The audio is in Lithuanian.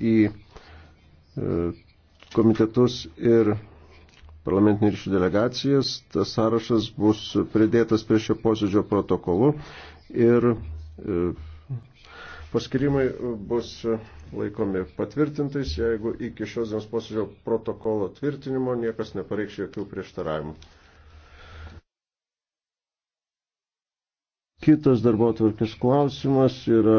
į e, komitetus ir parlamentinių ryšių delegacijas. Tas sąrašas bus pridėtas prie šio posėdžio protokolu ir e, paskirimai bus laikomi patvirtintais, jeigu iki šios dienos posėdžio protokolo tvirtinimo niekas nepareikš jokių prieštaravimų. Kitas darbo tvarkės klausimas yra